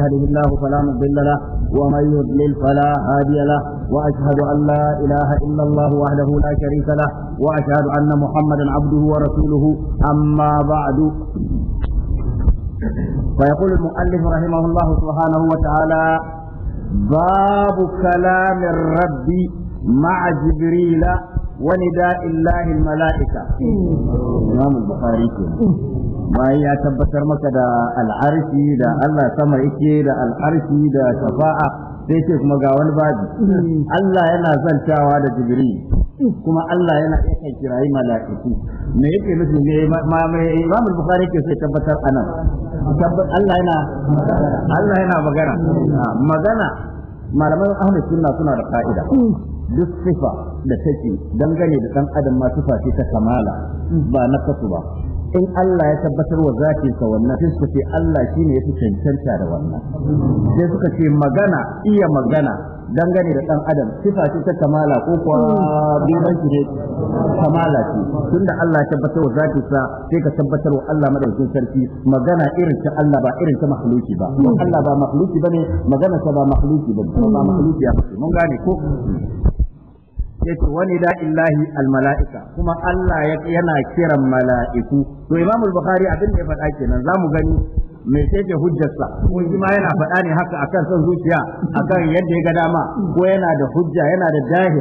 يهده الله فلا مضل له ومن يضلل فلا هادي له واشهد ان لا اله الا الله وحده لا شريك له واشهد ان محمدا عبده ورسوله اما بعد فيقول المؤلف رحمه الله سبحانه وتعالى باب كلام الرب مع جبريل ونداء الله الملائكه امام البخاري كده bayan ya tabbatar maka da al'arshi da Allah sama yake da al'arshi da shafa'a sai ce kuma ga wani babi Allah yana zantawa da jibril kuma Allah yana yake kirayi mala'iku me yake nufi ne Imam Bukhari yake sai tabbatar anan Allah yana Allah yana magana ah, magana malaman ahlus sunna suna da fa'ida duk sifa da take dangane da dan adam ma sifa ce ta kamala ba na kasu ba in Allah ya tabbatar wa zakinsa wannan sai suka ce Allah shi ne ya fi cancanta da wannan sai suka ce magana iya magana dangane da ɗan adam sifa ce ta kamala ko kuwa shi ne kamala ce tunda Allah ya tabbatar wa zakinsa sai ka tabbatar wa Allah madaukakin sarki magana irin ta Allah ba irin ta makhluki ba Allah ba makhluki bane magana ta ba makhluki bane ba makhluki ya mun gane ko yace wani da illahi almala'ika kuma Allah yana kiran mala'iku to imamu bukhari abin da ya faɗa kenan zamu gani me ce hujjarsa kun ma yana faɗa ne haka akan son zuciya akan yadda ya ga dama ko yana da hujja yana da jahil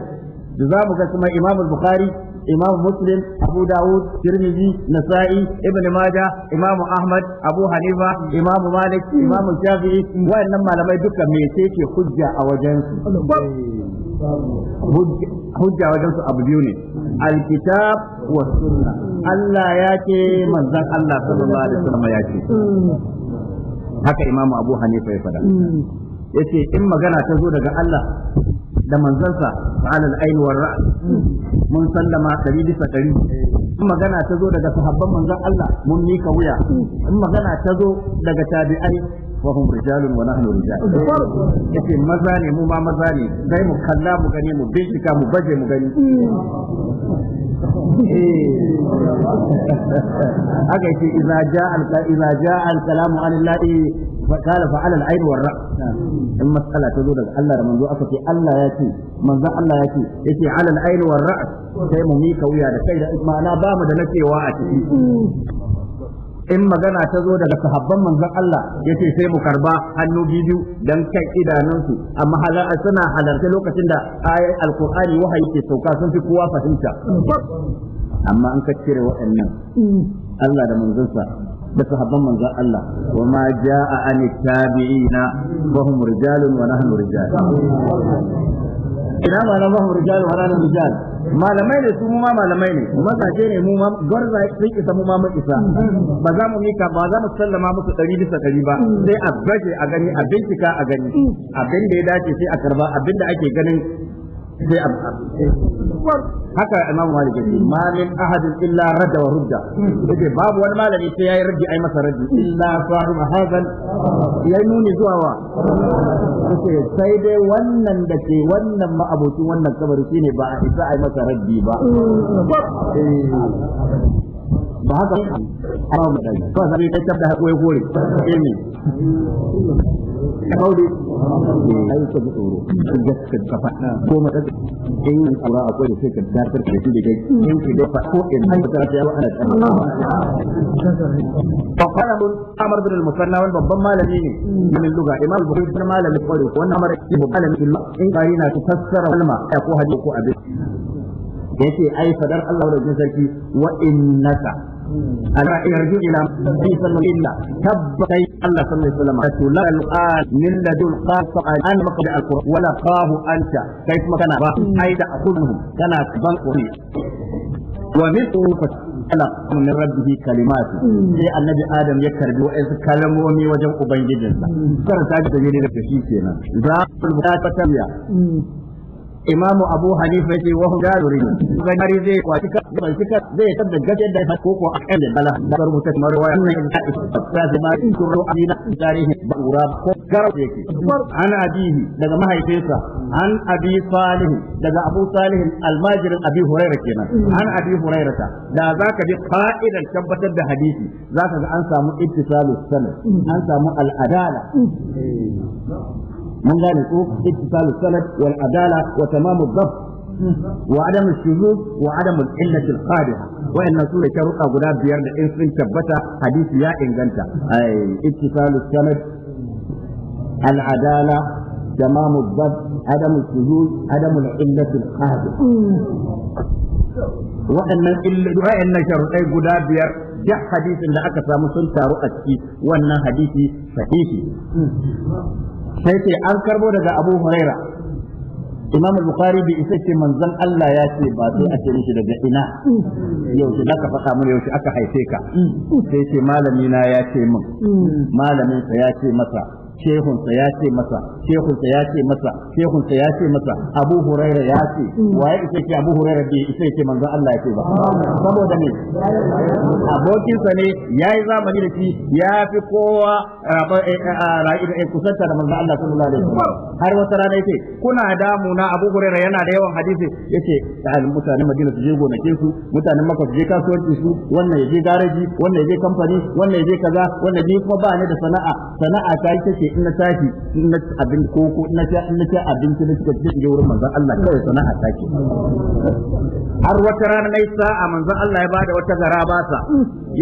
da zamu ga kuma Imam al-Bukhari Imam Muslim, Abu Dawud, Tirmidhi, Nasa'i, Ibn Majah, Imam Ahmad, Abu Hanifa, Imam Malik, Imam Shafi'i, wayannan malamai duka me ce hujja a wajen su. hujja wajen su abu biyu ne alkitab wa sunna Allah ya ce manzon Allah sallallahu alaihi wasallam ya ce haka imamu abu hanifa ya fada yace in magana ta zo daga Allah da manzansa ta'ala al-ain wa ra's mun sallama kari bisa kari in magana ta zo daga sahabban manzan Allah mun mika wuya in magana ta zo daga tabi'ai wa hum rijalun wa nahnu rijal yace maza ne mu ma maza ne dai mu kalla mu gani mu bincika mu baje mu gani eh. haka yace idza al kalamu an allahi fa qala fa ala al wa ra in mas'ala ta zo daga Allah da manzo aka ce Allah ra sai mu mika wuya da da ma'ana a ciki in magana ta zo daga sahabban manzon Allah yace sai mu karba hannu biyu dan kan idanunsu amma halar suna halarta lokacin da ayat alqur'ani wahayi ke sauka sun fi kowa fahimta amma an ka cire waɗannan Allah da manzonsa da sahabban manzon Allah wa ma jaa an tabi'ina wa hum rijalun wa nahnu rijal ina ma na wa hum rijalun wa nahnu rijal malamai ne su mu ma malamai ne mazaje ne mu ma gwarza sun isa mu ma mun isa ba za mu mika ba za mu sallama musu ɗari bisa ɗari ba sai a gaje a gani a bincika a gani abin da ya dace sai a karba abin da ake ganin sai abu haka imamu malik yace ma min ahadin illa radda wa rudda yace babu wani malami sai yayi raddi ai masa raddi illa sahibu hazan ya nuni zuwa wa yace sai dai wannan da ke wannan ma abokin wannan kabari shine ba a isa ai masa raddi ba ba haka ba mu dai to sai kai tabda hako ya gore ilmi kaudi eh, ai ka bi tsoro gaske ka faɗa ko mata in tsora akwai da sai ka dakar da shi da kai in ki da fa ko in an ta ta wa ana fa qala mun amr bin al-musanna wal babban malami ne min lugha imam bukhari bin malami kware ko wannan amr ibn malami in kai na ta fassara kalma ko hadisi ko abin yace ai fadar Allah da sarki wa innaka ألا يرجو إلى النبي صلى الله عليه وسلم تبقى الله صلى الله عليه وسلم لا الآن من لدن قال فقال أنا مقبع القرآن ولا قاه أنت كيف ما كان أيضا أخذهم كان أكبر قريب ومثل kalamun min rabbihi kalimatu sai annabi adam ya karbi wa'ansu kalmomi wajen ubangijinsa karanta da dalilin da shi kenan za ku imamu abu hanifa ce wa hum jarurin gari zai kwaci ka bai cika zai da gaske da ta koko a kan da bala da rubuta kamar wa annan in ta ta da ma in turo amina tarihi bura ko garau yake Ana abihi daga mahaifinsa an abi salih daga abu salih almajirin abi huraira kenan an abi huraira ta da zaka bi fa'idan tabbatar da hadisi zaka ga an samu ittisalu sanad an samu al'adala من ذلك اتصال السند والعدالة وتمام الضبط وعدم الشذوذ وعدم العلة القادحة وإن سورة شرقة غدا بيرد إنسان ثبت حديث يا إنجنتا أي اتصال السند العدالة تمام الضبط عدم الشذوذ عدم العلة القادحة waɗannan waɗannan sharuɗai guda biyar duk hadisin da aka samu sun taru a ciki wannan hadisi sahihi sai ce an karbo daga abu huraira imam bukhari bai isa ce manzon Allah ya ce ba sai a ce mishi daga ina yau da ka faɗa mun yau aka haife ka mm. sai ce malami na ya ce min mm. malamin sa ya ce masa shehunsa ya ce masa shehunsa ya ce masa shehunsa ya ce masa abu huraira ya ce waye isa ce abu huraira bai isa ce manzo Allah ya ce ba saboda ne abokinsa ne yayi zamani da shi ya fi kowa eh, eh, ah, eh, kusanta da manzo Allah sallallahu alaihi wasallam har wata rana yace kuna damuna abu huraira yana da yawan hadisi yace da mutanen Madina su je gonakin su mutanen Makka su je kasuwar su wannan ya je garaji wannan ya je kamfani wannan ya je kaza wannan ya kuma ba ne da sana'a sana'a ta ita ce in na tashi in na abin ko ko in na sha abinci na shiga cikin wurin manzon Allah kawai sana'a ta ke har wata rana nai a manzon Allah ya bada wata garaba sa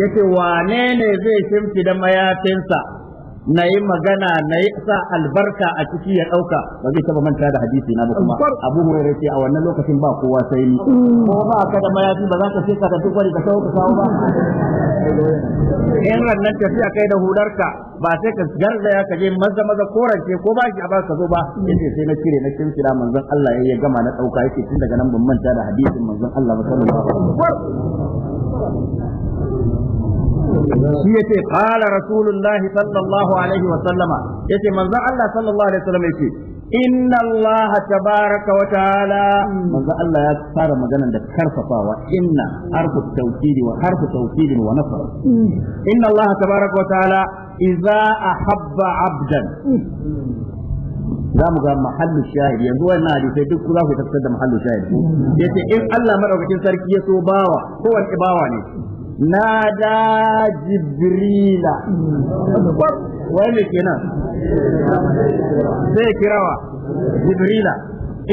yace wane ne zai shimfi da mayafinsa na yi magana na yi sa albarka a ciki ya ɗauka ba zai taba manta da hadisi na ba kuma abu hurairu ce a wannan lokacin ba kowa sai ni mm. ko ba ka da mayafi ba za ka sai ka tafi kwari ka sau ka sau ba in rannan tafiya kai da hularka ba sai ka garzaya ka je maza maza korance ko ba shi a ba ka zo ba mm. yace sai na cire na kin sira manzon Allah ya gama na ɗauka yake tun daga nan ban manta da hadisin manzon Allah ba sallallahu alaihi wasallam shi yace qala rasulullah sallallahu alaihi wa sallama yace manzon Allah sallallahu alaihi wa sallama yace inna Allah tabaraka wa ta'ala manzo Allah ya fara maganar da karfafawa inna harfu tawkidi wa harfu tawkidi wa nasr inna Allah tabaraka wa ta'ala idza ahabba 'abdan za mu ga mahallu shahid yanzu wannan hadisai duk za ku tafsir da mahallu shahid yace in Allah madaukakin sarki ya so bawa kowanne bawa ne Na da jibrila wai me kenan zai kirawa jibrila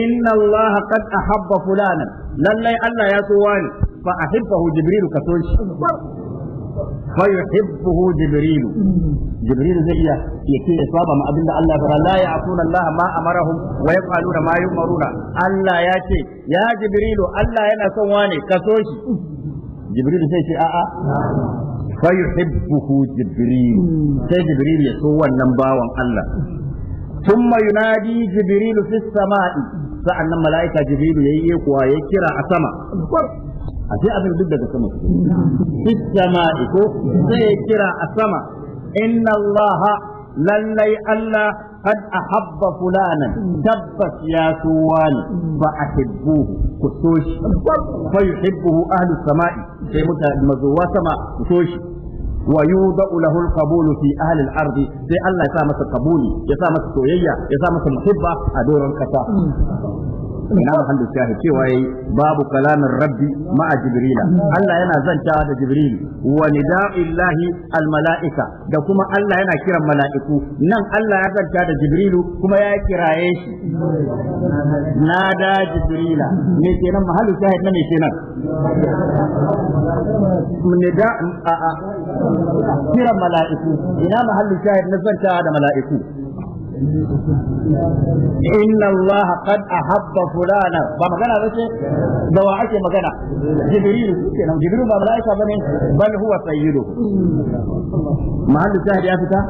inna allaha qad ahabba fulana lallai allah ya so wani fa ahibbahu jibrilu ka so shi fa yuhibbuhu jibrilu jibrilu zai iya ce ya saba ma abinda allah ya la ya'tuna allah ma amarahum wa yaf'aluna ma yumaruna allah ya ce ya jibrilu allah yana son wani ka so shi jibril sai ce a'a fa yuhibbuhu jibril sai jibril ya so wannan bawan Allah ثم ينادي جبريل في السماء sa'annan mala'ika jibrilu yayi kuwa ya kira a sama a sai abin duk daga sama fi sama'i ko sai ya kira a sama inna allaha lallai allah قد أحب فلانا تبت يا سوان فأحبوه كسوش فيحبه أهل السماء في مزوات سما كسوش ويوضع له القبول في أهل الأرض زي الله يسامس القبول يسامس السوية يسامس المحبة أدور الكفاء ina mahallin shahid cewa yayi babu kalamin rabbi ma'a jibrila Allah yana zantawa da jibril wa nida'illahi al mala'ika da kuma Allah yana kiran mala'iku nan Allah ya zanta da jibrilu kuma ya kiraye shi nada jibrila me kenan mahallin shahid na me kenan nida a a kiran mala'iku ina mahallin shahid na zantawa da mala'iku inna Allah qad ahabba fulana ba magana ba ce da wa ake magana jibril kenan jibril ba malaika bane bal huwa sayyidu mahallu shahid ya fita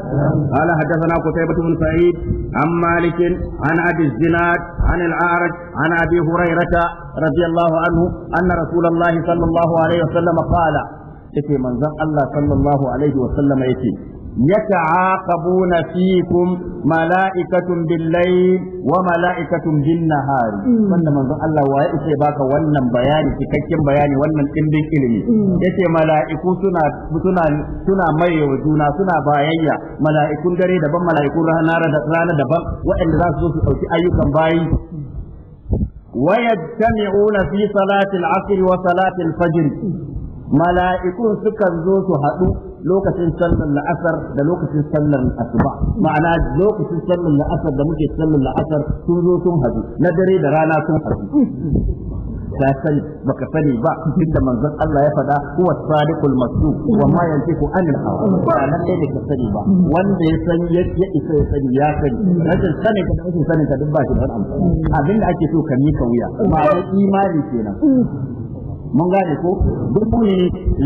qala hadathana qutaybah bin sa'id an malik an abi zinad an al-a'raj an abi hurairah radiyallahu anhu anna rasulullahi sallallahu alaihi wasallam qala yace manzon Allah sallallahu alaihi wasallam yace يتعاقبون فيكم ملائكة بالليل وملائكة بالنهار wannan manzon Allah waye yake baka wannan bayani cikakken bayani wannan dimbin ilimi yace mala'iku suna suna suna mai juna suna bayayya mala'ikun dare daban mala'ikun rana rana daban waɗanda za su zo su ɗauki ayyukan bayi ويجتمعون في صلاة العصر وصلاة الفجر ملائكة سكن زوت هدو lokacin sallar la'asar da lokacin sallar asuba ma'ana lokacin sallar la'asar da muke sallar la'asar sun zo sun hadu na dare da rana sun hadu Ta sani baka sani ba inda manzon Allah ya faɗa huwa sadiqul masduq wa ma yantiqu anil hawa ba nan dai da ka sani ba wanda ya san ya isa ya sani ya sani rashin sani ka rashin sani ka duk ba shi da amfani abinda ake so ka mika wuya ba imani kenan mun gane ko duk ne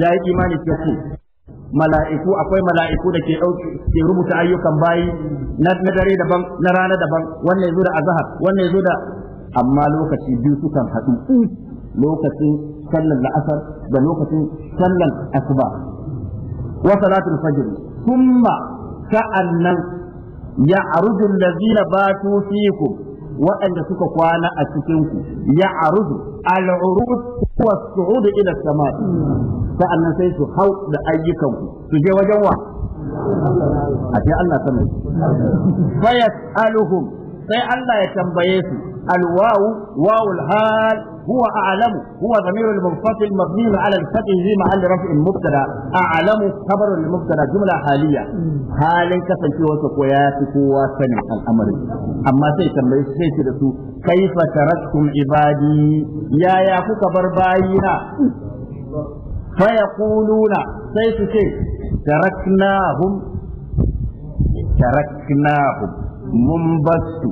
ya yi imani ke ku mala'iku akwai mala'iku da ke dauke ke rubuta ayyukan bayi na dare daban na rana daban wannan yazo da azhar wannan yazo da amma lokaci biyu sukan haɗu lokacin sallar la'asar da lokacin sallar asuba wa salatul fajr kuma sa'annan ya'rudu allazina batu fikum waɗanda suka kwana a cikin ku ya arudu al'urud wa su'ud ila sama sa'annan sai su hau da ayyukanku su je wajen wa a ce Allah sama fayas'aluhum sai Allah ya tambaye su alwawu wawul hal هو أعلم هو ضمير المنفصل مبني على الفتح في محل رفع مبتدا أعلم خبر المبتدا جملة حالية حال كسن في وسط وياتك وسنع الأمر أما سيتم ليس كيف تركتم عبادي يا يا فك برباينا فيقولون سيف سيف تركناهم تركناهم منبسط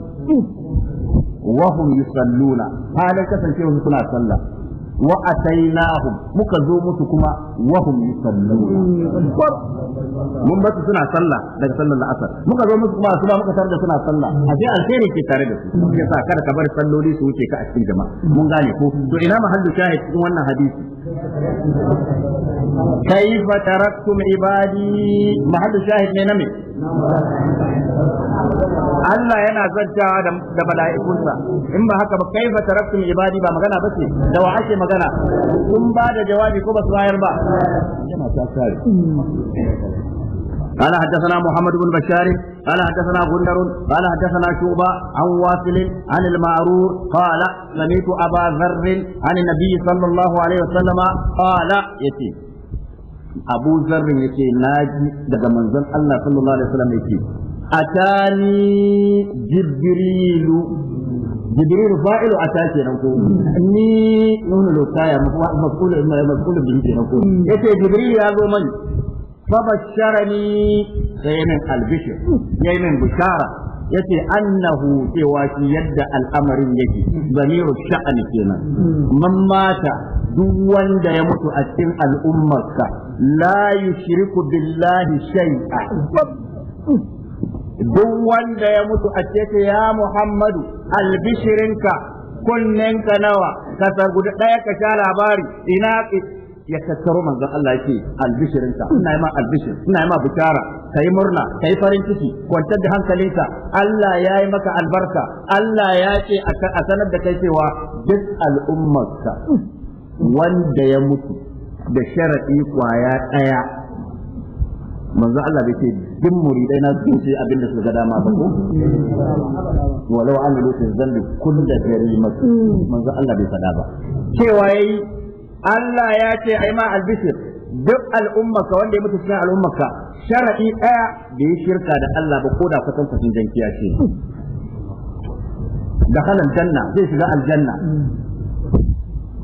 wa hum yusalluna halin kasancewa suna sallah wa atainahum muka zo musu kuma wa hum yusalluna mun ba suna sallah daga sallar la'asar. muka zo musu kuma su ba muka tarda suna sallah a sai ke tare da su yasa kada ka bar salloli su wuce ka a cikin jama'a mun gane to ina mahallu shahid cikin wannan hadisi كيف تركتم عبادي حد شاهد من نمي Allah yana zantawa da mala'ikunsa in ba haka ba kai ba taraktum ibadi ba magana ba ce da wa ake magana sun ba da jawabi ko ba su bayar ba قال حدثنا محمد بن بشار قال حدثنا غندر قال حدثنا شعبة عن واصل عن المعرور قال سمعت أبا ذر عن النبي صلى الله عليه وسلم قال يتي أبو ذر يتي ناجي دقا منزل الله صلى الله عليه وسلم يتي أتاني جبريل جبريل فاعل أتاكي نقول ني نون لو كايا مفعول مفعول به نقول يتي جبريل يا من فبشرني سيمن البشر يمن بشاره yace annahu cewa shi yadda al'amarin yake zamiru sha'ani kenan man duk wanda ya mutu a cikin al'ummarka la yushriku billahi shay'a duk wanda ya mutu a cikin ya Muhammadu albishirinka kunnenka nawa ka guda ɗaya ka sha labari ina ya tattaro manzon Allah yake albishirinsa ina yi ma albishir ina yi ma bishara kai murna kai farin ciki kwantar da hankalinka Allah ya yi maka albarka Allah ya ce a sanar da kai cewa duk al'ummarka wanda ya mutu da sharaɗi kwaya ɗaya manzo Allah bai ce duk muridai na su ce abin da su ga dama ba ko walau an lutu zambi kullu gari masu manzo Allah bai faɗa ba cewa yayi Allah ya ce ai ma albishir duk al'ummarka wanda ya mutu cikin al'ummarka sharadi daya da ya shirka da Allah ba koda kwatan kwatan jankiya ce da halan janna zai shiga aljanna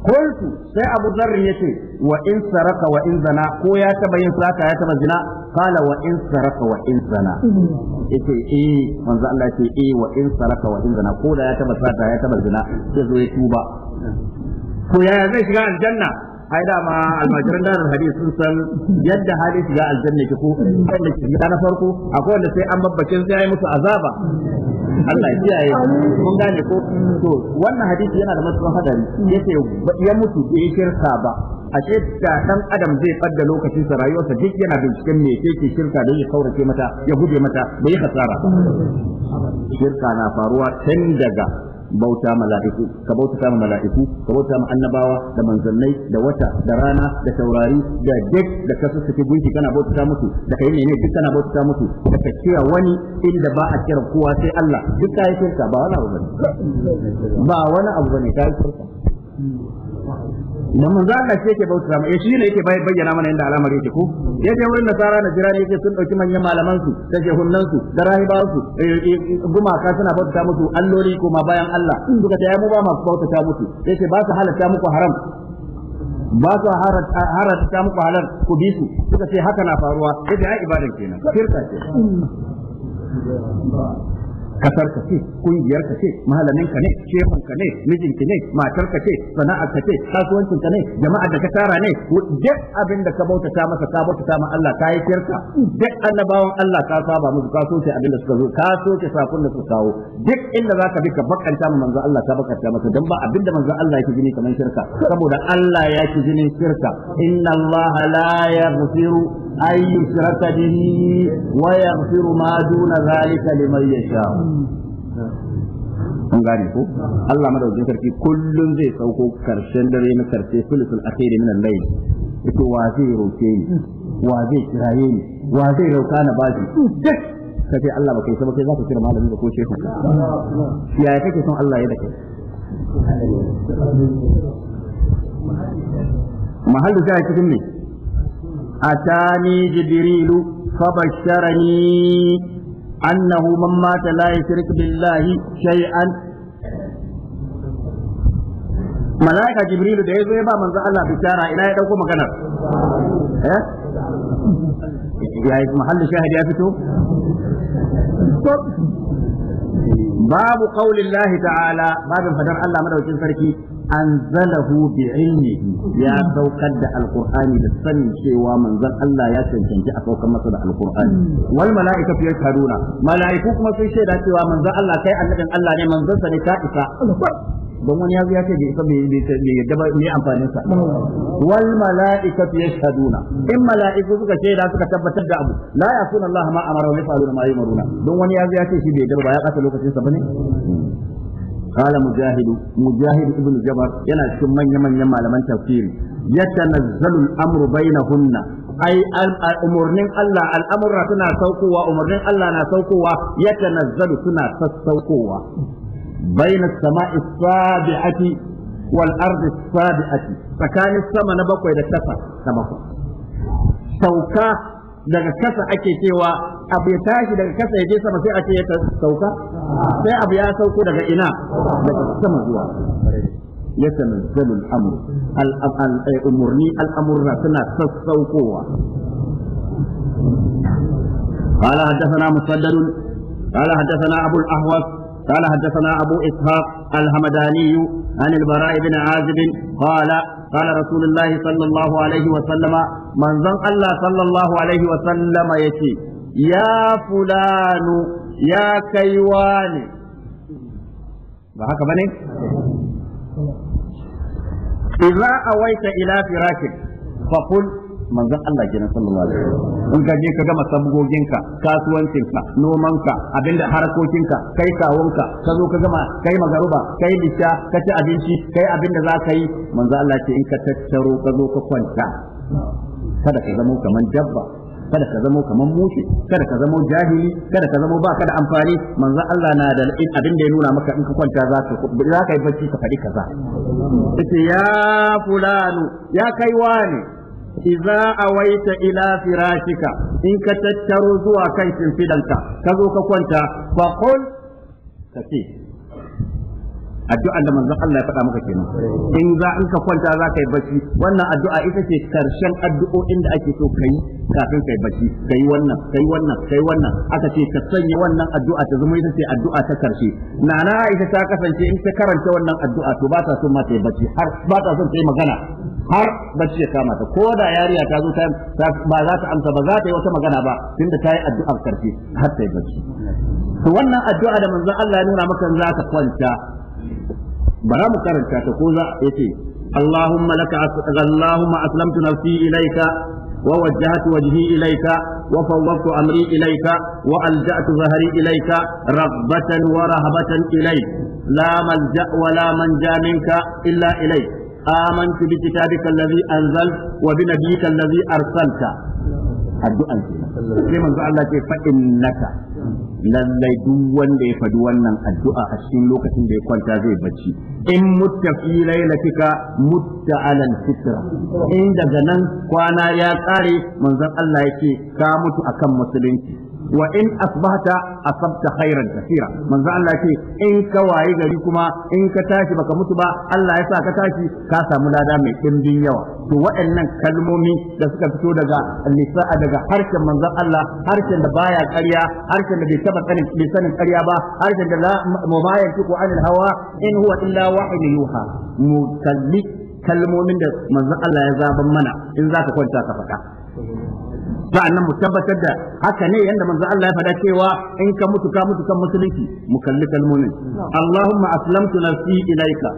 qultu sai Abu Dharr yace wa in saraka wa in zana ko ya taba yin sata ya taba zina qala wa in saraka wa in zana yace eh manzo Allah yace eh wa in saraka wa in zana ko da ya taba sata ya taba zina sai zo ya tuba ko yaya zai shiga aljanna ai ma almajiran darul hadith sun san yadda hali shiga aljanna ke ko wanda ke da na farko akwai wanda sai an babbace sai ya musu azaba Allah ya kiyaye mun gane ko to wannan hadisi yana da matsayin hadari yace ya mutu bai shirka ba ce da dan adam zai fadda lokacin sa rayuwarsa duk yana binciken me yake shirka da ya kaurace mata ya guje mata bai hasara shirka na faruwa tun daga bauta mala'iku ka bauta ma mala'iku ka bauta ma annabawa da manzannai da wata da rana da taurari da duk da kasu suke gunki kana bauta musu da kai ne duk kana bauta musu da ka wani inda ba a kira kowa sai Allah duk kai shirka ba wani abu bane ba wani abu bane kai shirka da za Allah shi ke bauta eh, shi ne yake bayyana mana inda alamar yake ko ya je wurin nasara na jira ne yake sun dauki manyan malaman su da jehunnan su da rahibawan su eh, eh, gumaka suna bauta musu alloli ko ma bayan Allah in duka ta mu ba ma bauta ta musu yake ba su halatta muku haram ba su muku halal ku bi su suka ce haka na faruwa yake ai ibadan kenan shirka ce kasar ka ce kungiyar ka ce malamin ka ne shehun ka ne mijin ki ne matar ka ce sana'ar ka ce kasuwancin ka ne jama'ar da ka tara ne duk abin da ka bautata masa ka bautata ma Allah ka yi shirka duk annabawan Allah ka saba musu ka soke abin da suka zo ka soke sakon da suka kawo duk inda zaka bi ka bakanta ma manzo Allah ka bakanta masa dan ba abin da manzo Allah yake gini kamar shirka saboda Allah ya ki jinin shirka inna Allah la yaghfiru أن يشرك به ويغفر ما دون ذلك لمن يشاء an gane ko Allah madaukakin sarki kullum zai sauko karshen dare na karshe sulusul akhiri min al-layl yato wa zai roke ni wa zai kiraye ni wa zai rauka na bashi duk kace Allah baka yi sama kai zaka kira malami da ko shehu ya kake son Allah ya dake mahallu ta cikin ne أتاني جبريل فبشرني أنه من مات لا يشرك بالله شيئا ملائكة جبريل ده يزوي با منزع الله بشارة إلا يدوكو مكانا إيه؟ يا محل شاهد يا فتو باب قول الله تعالى باب فدر الله مدوكين سركي anzalahu bi ya saukar da alqur'ani da sanin cewa manzon Allah ya cancanci a saukar masa da alqur'ani wal mala'ikatu yashhaduna mala'iku kuma sun shaida cewa manzon Allah kai annabin Allah ne ka isa don wani yazo ya ce bai isa bai yadda ba ne amfanin sa wal mala'ikatu yashhaduna in mala'iku suka shaida suka tabbatar da abu la yasuna Allah ma amara wa yafaluna ma yumaruna don wani ya ce shi bai yadda ba ya kasa lokacin sa bane قال مجاهد مجاهد ابن جبر ينا cikin manya manyan malaman tafsiri yatanazzalu al-amr bainahunna ai umurnin Allah al'amurra suna saukowa umurnin Allah na saukowa yatanazzalu suna sassaukowa baina as-sama'i as-sabi'ati wal ardi as-sabi'ati tsakanin sama na bakwai da kasa na bakwai sauka daga kasa ake cewa abu ya tashi daga kasa ya je sama sai ake ya sauka sai abu ya sauko daga ina daga sama zuwa يتنزل الامر الامرني الامر سنا تسوقوا قال حدثنا مسدد قال حدثنا ابو ahwas? قال حدثنا أبو إسحاق الهمداني عن البراء بن عازب قال قال رسول الله صلى الله عليه وسلم من ظن الله صلى الله عليه وسلم يتي يا فلان يا كيوان بحق بني إذا أويت إلى فراشك فقل manzon Allah kenan sallallahu alaihi wasallam in ka je ka gama sabgoginka kasuwancinka nomanka abinda harakokinka kai kawunka ka zo ka gama kai magaruba kai bisha ka ci abinci kai abinda za ka yi manzon Allah ce in ka tattaro ka zo ka kwanta kada ka zama kaman dabba kada ka zamo kamar mushi, kada ka zamo jahili kada ka zamo baka da amfani manzo Allah na da abin da ya nuna maka in ka kwanta za ka za ka yi bacci ka faɗi kaza yace ya fulanu ya kai wani iza awaita ila firashika in ka tattaro zuwa kan shimfidanka ka zo ka kwanta fa qul kace addu'a da manzon Allah ya faɗa maka kenan in za in ka kwanta za ka yi bacci wannan addu'a ita ce karshen addu'o'in da ake so kai kafin kai bacci kai wannan kai wannan kai wannan aka ce ka sanya wannan addu'a ta zama ita ce addu'a ta karshe na Aisha ta kasance in ta karanta wannan addu'a to ba ta so ma ta yi bacci har ba ta son ta yi magana har bacci ya kama ta ko da yariya ta zo ta ba za ta amsa ba za ta yi wata magana ba tunda ta yi addu'ar karshe har ta yi bacci to wannan addu'a da manzon Allah ya nuna maka za ka kwanta bara mu karanta ta ko za a ce wa wajjahtu amri ilaika wa alja'tu zahri ilaika rabbatan wa rahabatan آمنت بكتابك الذي أنزلت وبنبيك الذي أرسلت الدعاء lallai duk wanda ya faɗi wannan addu'a a cikin lokacin da ya kwanta zai bacci in mutta fi lailatika mutta alal fitra in daga nan kwana ya tsare, manzon Allah yake ka mutu akan musulunci wa in asbahta asabta khairan kaseera manzo Allah ce in ka waye gari kuma in ka tashi baka mutu ba Allah ya sa ka tashi ka samu lada mai dimbin yawa to waɗannan kalmomi da suka fito daga lisa'a daga harshen manzo Allah harshen da baya ƙarya harshen da bai taba sanin bai sanin ƙarya ba harshen da la baya anil hawa in huwa illa wahyu yuha mukalli kalmomin da manzon Allah ya zaban mana in zaka kwanta ka faɗa sa'annan mu tabbatar da haka ne yanda manzo Allah ya faɗa cewa in ka mutu ka mutu kan musulunci mu kalli kalmomin Allahumma aslamtu nafsi ilaika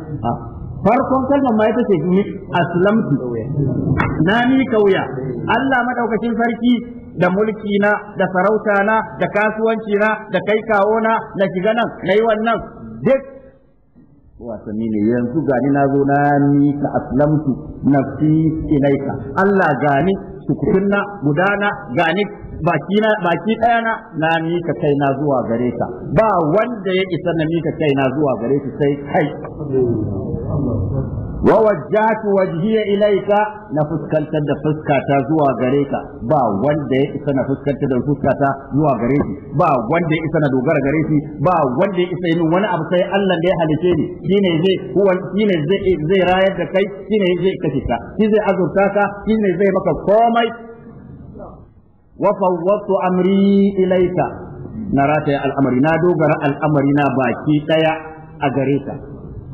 farkon kalmar ma ita ce aslamtu na ni kauya Allah madaukakin sarki da mulki na da sarauta na da kasuwanci na da kai kawo na na shiga nan na yi wannan duk wasanni ne yanzu gani na zo na ni ka aslamtu nafsi ilaika Allah gani tukutunna gudana gani bakina baki daya na na mika kaina zuwa gare ka ba wanda ya isa na mika kaina zuwa gare shi sai kai wa wajjahtu wajhiya ilayka na fuskantar da fuskata zuwa gare ka ba wanda ya isa na fuskantar da fuskata zuwa gare shi ba wanda ya isa na dogara gare shi ba wanda ya isa yin wani abu sai Allah da ya halice ni shine zai huwa shine zai zai rayar da kai shine zai kace ka shi zai azurta ka shine zai maka komai wa fawwadtu amri ilayka na rataya al'amari na dogara al'amari na baki daya a gare ka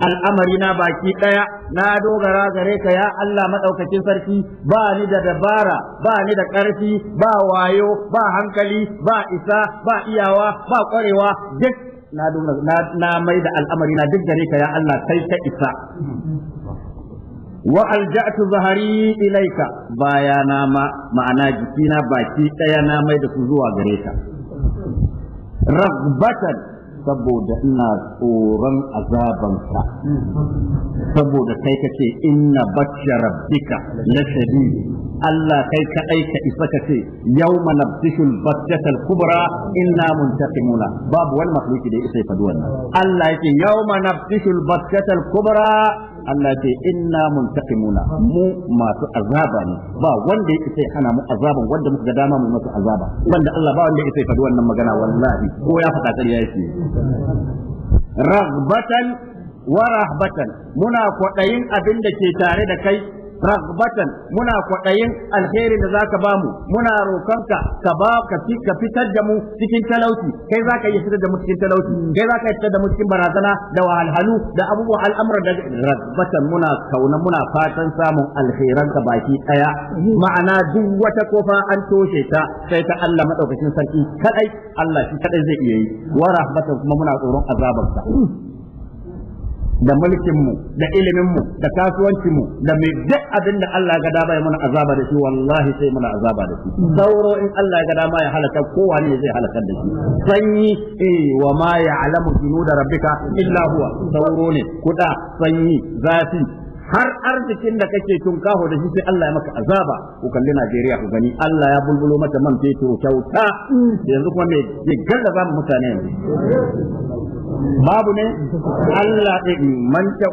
al'amari na baki ɗaya na dogara gare ka ya Allah maɗaukacin sarki ba ni da dabara ba ni da ƙarfi ba wayo ba hankali ba isa ba iyawa ba ƙwarewa duk na mai da al'amari na duk gare ka ya Allah kai ka isa wa alja'tu zahari ilaika bayana ma ma'ana jikina baki ɗaya na mai da su zuwa gare ka ragbatan saboda ina tsoron azabansa. saboda kai kace inna bacci rabbika la shadid Allah kai ka aika isa kace yau nabtishul baccatal kubra inna muntaqimuna babu wani makhluki da ya isa ya faɗi wannan Allah yake yau nabtishul baccatal kubra Allah ce inna muntaqimuna mu masu azaba ne ba wanda yake sai hana mu azaban wanda muka ga dama mu masu azaba wanda Allah ba wanda yake sai faɗi wannan magana wallahi ko ya faɗa ƙarya yake ragbatan wa rahbatan muna kwaɗayin abin da ke tare da kai ragbatan muna kwaɗayin alheri da zaka ba mu muna roƙonka ka ba ka fitar da mu cikin talauci kai zaka iya fitar da mu cikin talauci kai zaka iya fitar da mu cikin barazana da wahalhalu da abubuwan al'amuran da ragbatan muna kauna muna fatan samun alheranka baki ɗaya ma'ana duk wata kofa an toshe ta sai ta Allah madaukakin sarki kadai Allah shi kadai zai iya yi wa rahmatan kuma muna tsoron azabarsa da mulkin mu da ilimin mu da kasuwancinmu da mai duk abin da Allah ga dama ya mana azaba da shi wallahi sai muna azaba da shi sauro in Allah ya ga dama ya halaka kowa ne zai halaka da shi sanyi eh wa ma ya'lamu junuda rabbika illa huwa sauro ne kuda sanyi zafi har arzikin da kake tunkaho da shi sai Allah ya maka azaba ku kalli Najeriya ku gani Allah ya bulbulo mata man fetur kyauta yanzu kuma me ya gallaza mutane yanzu babu ne Allah din man ta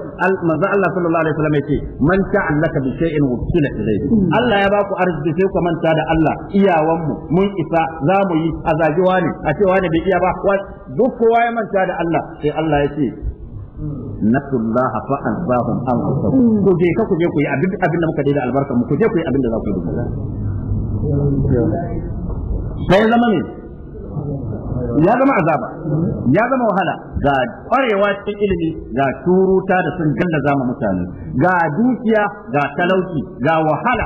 manzo Allah sallallahu alaihi wasallam yace man ta'allaka bi shay'in wukila ilayhi Allah ya baku arziki sai ku manta da Allah iyawan mu mun isa za mu yi a zagi wani a ce wani bai iya ba duk kowa ya manta da Allah sai Allah yace nasu Allah fa azahum an ku je ka ku je ku yi abin da muka da albarka mu ku je ku yi abin da za ku yi sai zama ne ya zama azaba ya zama wahala ga kwarewa cikin ilimi ga turuta da sun gallaza ma mutane ga dukiya ga talauci ga wahala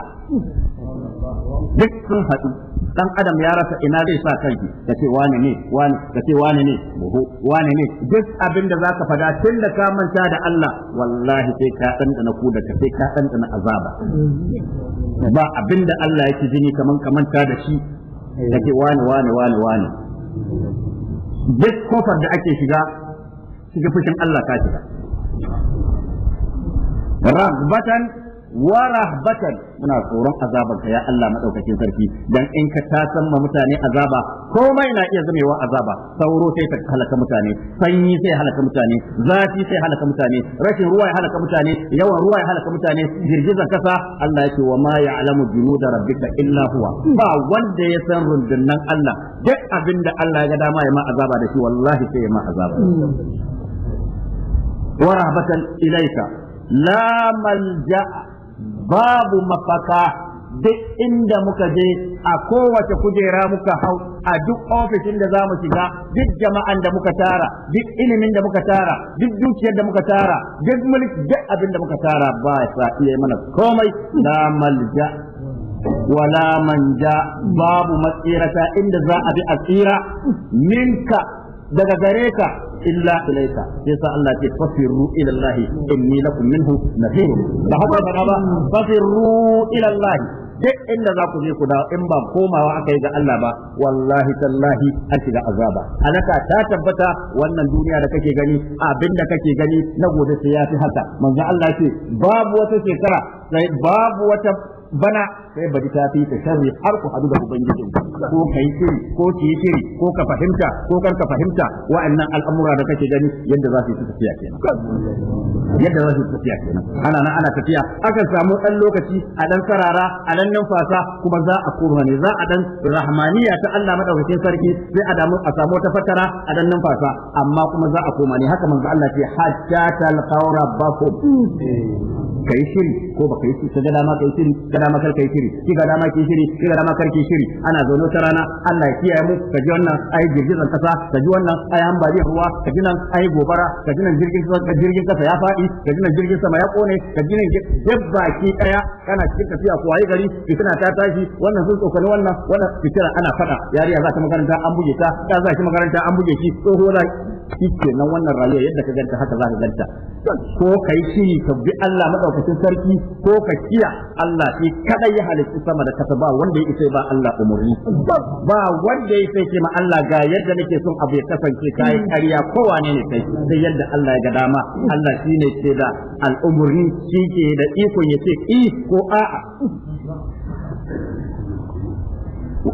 duk sun haɗu dan adam ya rasa ina zai sa kanki ka ce wani ne wani ka ce wani ne buhu wani ne duk abin da zaka fada tun da ka manta da Allah wallahi sai ka dandana ku da sai ka dandana azaba ba abin da Allah yake jini kaman ka manta da shi ka ce wani wani wani wani duk kofar da ake shiga shiga fushin Allah ka shiga Rabbatan wa rahbatan muna tsoron ka ya Allah madaukakin sarki dan in ka ta san ma mutane azaba komai na iya zamewa azaba sauro sai ta halaka mutane sanyi sai halaka mutane zafi sai halaka mutane rashin ruwa ya halaka mutane yawan ruwa ya halaka mutane girgizar kasa Allah yake wa ma ya'lamu junuda rabbika illa huwa ba wanda ya san rundunan Allah duk abinda Allah ya ga dama ya ma azaba da shi wallahi sai ya ma azaba hmm. rahbatan إليك لا ملجأ babu mafaka duk inda muka je a kowace kujera muka hau a duk ofishin da za mu shiga duk jama'an da muka tara duk ilimin da muka tara duk dukiyar da muka tara duk mulki duk abin da muka tara ba sa iya mana komai na malja wala manja babu matsirata inda za a bi a tsira minka daga gare ka illa ilayka sai sa Allah ce fasirru ila Allah inni lakum minhu nadhir Da haka ba ba duk inda za ku je ku dawo in ba komawa aka yi ga Allah ba wallahi tallahi an shiga azaba alaka ta tabbata wannan duniya da kake gani abin da kake gani na gobe sai ya fi haka manzo Allah ce babu wata shekara sai babu wata bana sai bari ta fi ta sharri har ku hadu da ubangijin ko kai shiri ko ki yi shiri ko ka fahimta ko kar ka fahimta wa'annan al'amura da kake gani yadda za su tafiya kenan yadda za su tafiya kenan ana nan ana tafiya akan samu dan lokaci a dan sarara a dan numfasa kuma za a kurma ne za a dan rahmaniya ta Allah madaukakin sarki sai a damu a samu ta fatara a dan numfasa amma kuma za a koma ne haka manzo Allah ce hatta talqaw rabbakum kai shiri ko baka yi ka ga dama kai shiri ka dama kar kai shiri ki ga dama ki shiri ki ga dama kar ki shiri ana zaune ta rana Allah ya kiyaye mu ka ji wannan ai girgizan kasa ka ji wannan ai ambaliyar ruwa ka ji nan ai gobara ka ji nan jirgin ka jirgin kasa ya fadi ka ji nan jirgin sama ya kone ka ji nan dabba ki daya kana cikin tafiya ko ai gari fitina ta tashi wannan sun tsokani wannan wannan fitira ana fada yariya za ta makaranta an buge ta ta za shi makaranta an buge shi tsoho za ki kenan wannan rayuwa yadda ka ganta haka za ka ganta ko ka yi shiri ka bi Allah madaukakin sarki ko ka kiya Allah shi kadai ya halitta sama da kasa ba wanda ya sai ba Allah umurni ba wanda ya sai ma Allah ga yadda nake son abu ya kasance kai kariya ko wane ne kai sai yadda Allah ya ga dama Allah shi ne ke da al'umurni shi ke da ikon ya ce i ko a'a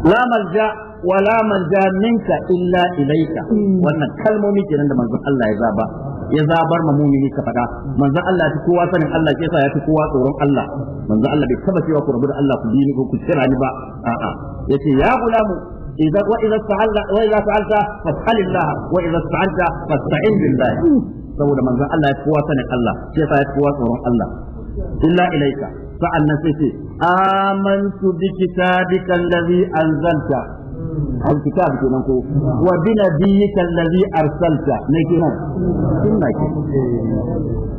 la malja wala man minka illa ilaika wannan kalmomi kenan da manzon Allah ya zaba ya zabar ma mumini ka fada manzon Allah ya fi kowa sanin Allah ke sa ya fi kowa tsoron Allah manzon Allah bai taba cewa ku rabu da Allah ku bi ni ku kira ni ba a'a yace ya gulamu إذا وإذا فعلت وإذا فعلت فاسأل الله وإذا استعنت فاستعن بالله saboda manzon Allah ya kowa sanin Allah ke sa ya kowa tsoron Allah illa ilaika sa'annan sai ce amantu bi kitabika allazi anzalta alkitab kenan ko wa bi nabiyyika allazi arsalta ne kenan sunna ke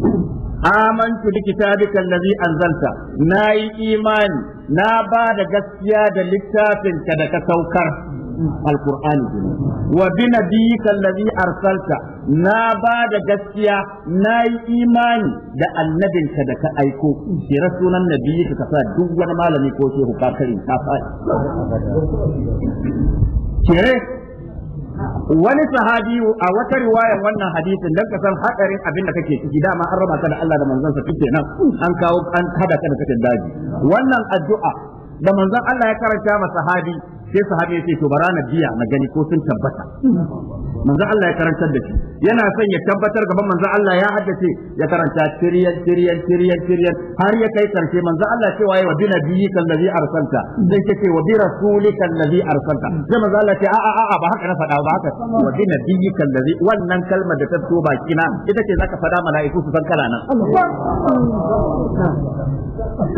bi kitabika allazi anzalta nayi imani na ba da gaskiya da littafin da ka saukar alqur'ani kenan wa bi nabiyyika allazi arsalta na ba da gaskiya na yi imani da annabinka da ka aiko kira sunan nabiyyika ka sa duk wani malami ko shehu wani a wata riwaya wannan hadisin dan kasan hadarin abin da kake ciki dama an raba ka da Allah da manzon sa kike nan an kawo an hada ka da kake daji wannan addu'a da manzon Allah ya karanta ma sahabi sai sahabi ya ce to bara na biya na gani ko sun tabbata manzo Allah ya karantar da shi yana son ya tabbatar gaban manzo Allah ya haddace ya karanta tiriyan tiriyan tiriyan tiriyan har ya kai karshe manzo Allah cewa ya wabi nabiyika allazi arsalta sai ce wa bi rasulika allazi arsalta sai manzo Allah ce a a a ba haka na faɗa ba haka wa bi nabiyika allazi wannan kalmar da ta fito baki na ita ce zaka faɗa mala'iku su san kana nan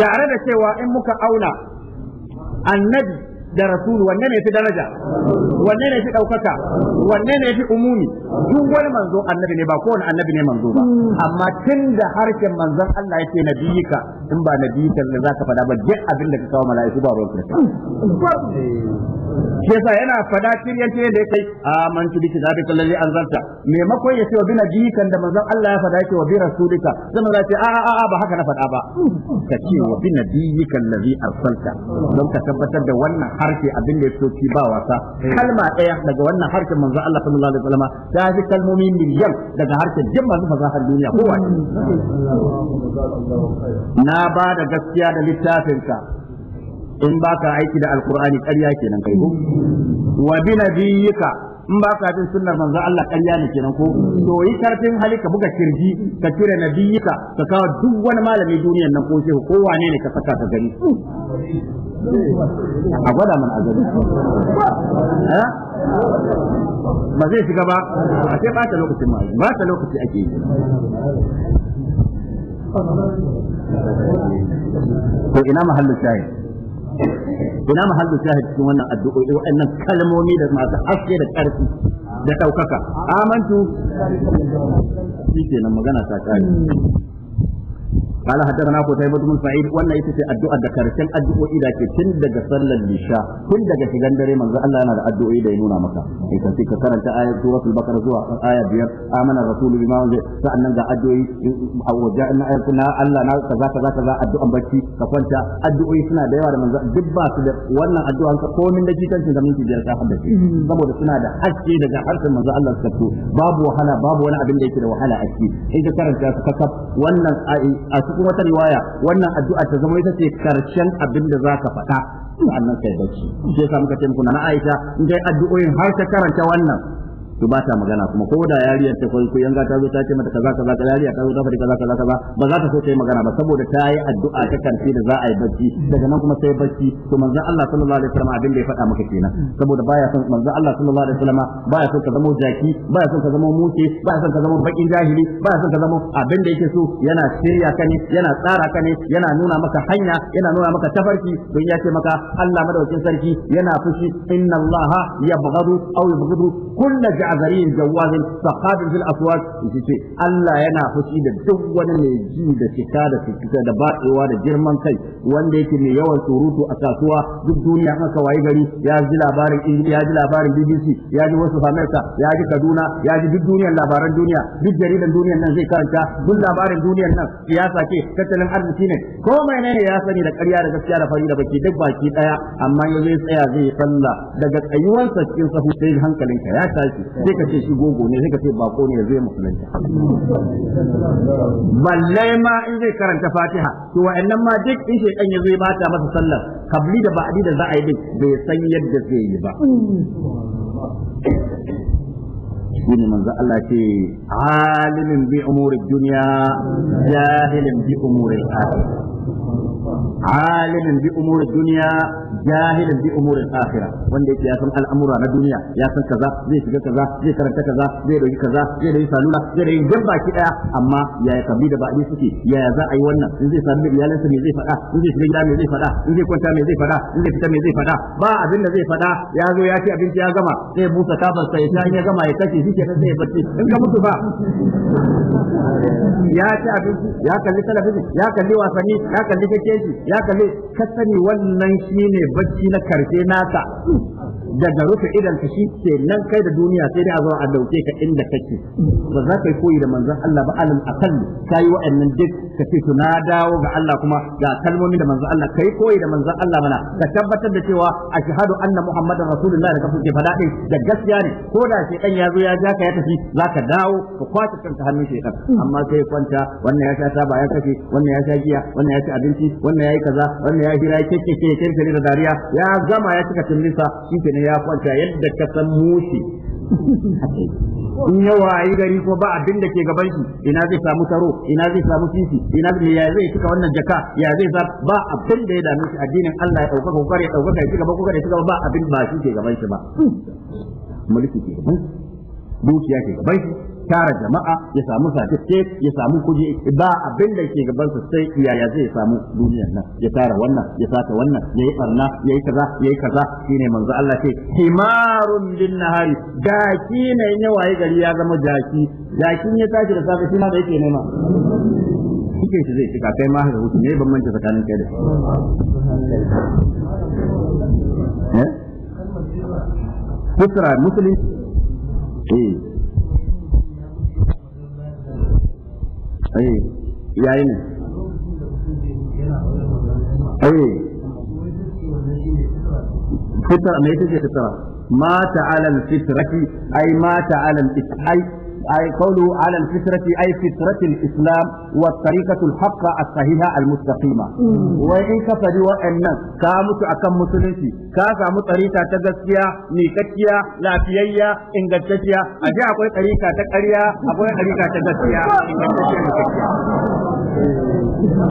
tare da cewa in muka auna annabi da rasulu wanne ne fi daraja wanne ne fi daukaka wanne ne fi umumi duk wani manzo annabi ne ba kowane annabi ne manzo ba hmm. amma tunda harshen manzon Allah yake nabiyika in ba nabiyika da zaka fada ba duk abin da ka kawo mala'iku ba ruwan kirka yasa yana fada kiryan ce da kai amantu bi kitabika allazi anzalta maimakon ya ce wa binabiyikan da manzon Allah ya fada ki wa bi rasulika sai manzon ce a a a ba haka na fada ba ka ce wa binabiyika allazi arsalta don ka tabbatar da wannan harshe abin da yake ki ba wasa kalma daya daga wannan harshen manzon Allah sallallahu alaihi wasallam ta fi kalmomi miliyan daga harshen jin masu fasahar duniya kowa na ba da gaskiya da littafinka in ba ka aiki da alkur'ani ƙarya kenan kai ko wa bi nabiyyika in ba ka bin sunnar manzo Allah ƙarya ne kenan ko to yi karfin hali ka buga kirji ka cire nabiyyika ka kawo duk wani malami duniyar nan ko shehu ko wane ne ka saka ka gani a gwada mana azabi eh? ba zai shiga ba a sai ba ta lokacin ma ba ta lokaci ake yi ko ina mahallin shayi ina mahallu shahid cikin wannan addu'o'i waɗannan kalmomi da masu haske da ƙarfi da ɗaukaka amantu shi kenan magana ta kare قال حدثنا قتيبة بن سعيد وانا يتسي الدعاء ذكر كان الدعاء إذا كتن دقى صلى العشاء كن دقى شغان دري من الله أنا الدعاء إذا ينونا مكا إذا تيك كرنت آية سورة البقرة سورة آية بير آمن الرسول بما أنزل فأنا دقى الدعاء أو جاءنا آياتنا الله نال كذا كذا كذا الدعاء بكي كفانتا الدعاء سنا ديوار من دبا سدر وانا الدعاء كو من دقى كان سنزمين في جلسة حدث سبب سنا دا حكي دقى حرس من الله سكتو باب وحلا باب وانا أبن ديك وحلا أكي إذا كرنت كفف وانا cikin wata riwaya wannan addu'a ta zama ita ce karshen abin da zaka faɗa sa'annan kai bacci sai sa muka ce muku na Aisha in dai addu'o'in har ta karanta wannan to ba ta magana kuma ko da yariyar ta koyi yanga ta zo ta ce mata kaza kaza kaza yariya ta zo ta faɗi kaza kaza kaza ba za ta so ta yi magana ba saboda ta yi addu'a ta karshe da za a yi bacci daga nan kuma sai bacci to manzon Allah sallallahu alaihi wasallam abin da ya faɗa maka kenan saboda baya son manzon Allah sallallahu alaihi wasallam baya son ka zama jaki baya son ka zama muke baya son ka zama bakin jahili baya son ka zama abin da yake so yana shirya ka ne yana tsara ka ne yana nuna maka hanya yana nuna maka tafarki don ya ce maka Allah madaukakin sarki yana fushi inna yabghadu aw yabghadu kullu azari jawaz saqad fil aswaq ce Allah yana fushi da duk wani mai ji da cika da cika da batsewa da girman kai wanda yake mai yawan surutu a kasuwa duk duniya aka waye gari ya ji labarin ya ji labarin BBC ya ji wasu Amerika ya ji Kaduna ya ji duk duniyar labaran duniya duk jaridan duniyar nan zai karanta duk labarin duniyar nan siyasa ce tattalin arziki ne ko mai ne ya sani da ƙarya da gaskiya da fari da baki duk baki daya amma ya zai tsaya zai sallah daga tsayuwarsa cikin sahu sai hankalinka ya tashi sai ka ce shi gogo ne sai ka ce bako ne zai musulunta balle ma in zai karanta fatiha to wa'annan ma duk in shekan ya zai bata masa sallar kabli da ba'adi da za a yi din bai san yadda zai yi ba shi ne manzo Allah ce alimin bi umuri dunya jahilin bi umuri akhirah alimin bi umurin duniya jahilin bi umurin akhira wanda yake ya san al'amura na duniya ya san kaza zai shiga kaza zai karanta kaza zai dauki kaza zai dauki salula zai dauki gan baki daya amma yaya kabi da ba'di suke yaya za a yi wannan in zai sami iyalansa zai faɗa in zai shiga gida me zai faɗa in zai kwanta me zai faɗa in zai fita me zai faɗa ba abin da zai faɗa ya zo ya ci abinci ya gama zai busa kafar sa ya sha in ya gama ya kace shi kenan zai bacci in ka mutu ba ya ci abinci ya kalli talabijin ya kalli wasanni ya kalli kake ya kalli ka sani wannan shi ne bacci na karshe nasa. daga rufe idan ka shi ke nan kai da duniya sai dai a zo a dauke ka inda kake ba za ka yi koyi da manzon Allah ba alal akal yi wa'annan duk ka ce to na dawo ga Allah kuma ga kalmomin da manzon Allah kai koyi da manzon Allah mana ka tabbatar da cewa ashhadu anna muhammadar rasulullahi da ke faɗa din da gaskiya ne ko da shi dan ya zo ya ja ka ya tafi za ka dawo ka kwace kanka hannun shi amma sai kwanta wannan ya sha taba ya kafe wannan ya sha giya wannan ya ci abinci wannan ya yi kaza wannan ya hira ya kekeke ya kirkire da dariya ya gama ya cika tullisa shi ne ya kwanta yadda ka san mushi in ya wayi gari ko ba abin da ke gaban shi ina zai samu taro ina zai samu sisi ina zai ya zai cika wannan jaka ya zai sa ba abin da ya dame shi addinin Allah ya dauka ko kare dauka kai cika ba ko kare cika ba abin ba shi ke gaban shi ba mulki ke gaban shi dukiya ke gaban shi tara jama'a ya samu certificate ya samu kuje ba abin da ke gaban sai iyaya zai samu duniyar nan ya tara wannan ya sata wannan yayi barna yayi kaza yi kaza shine manzo Allah ce himarun din nahari daki ne ya waye gari ya zama jaki jakin ya tashi da safe shi ma da yake nema kike shi zai cika kai ma har hutu ne ban manta tsakanin kai da eh? musulunci eh Eh, yayi ne eh fitra mai take fitra mata alal fitrati ai mata alal ai أي قوله على الفطرة أي فطرة الإسلام والطريقة الحق الصحيحة المستقيمة وإن كفروا وإن كامت أكم مسلمتي كاسا طريقة تجسيا ميكتيا لا فييا إن جتيا أجا أقول طريقة تكريا أقول طريقة تجسيا إن جتيا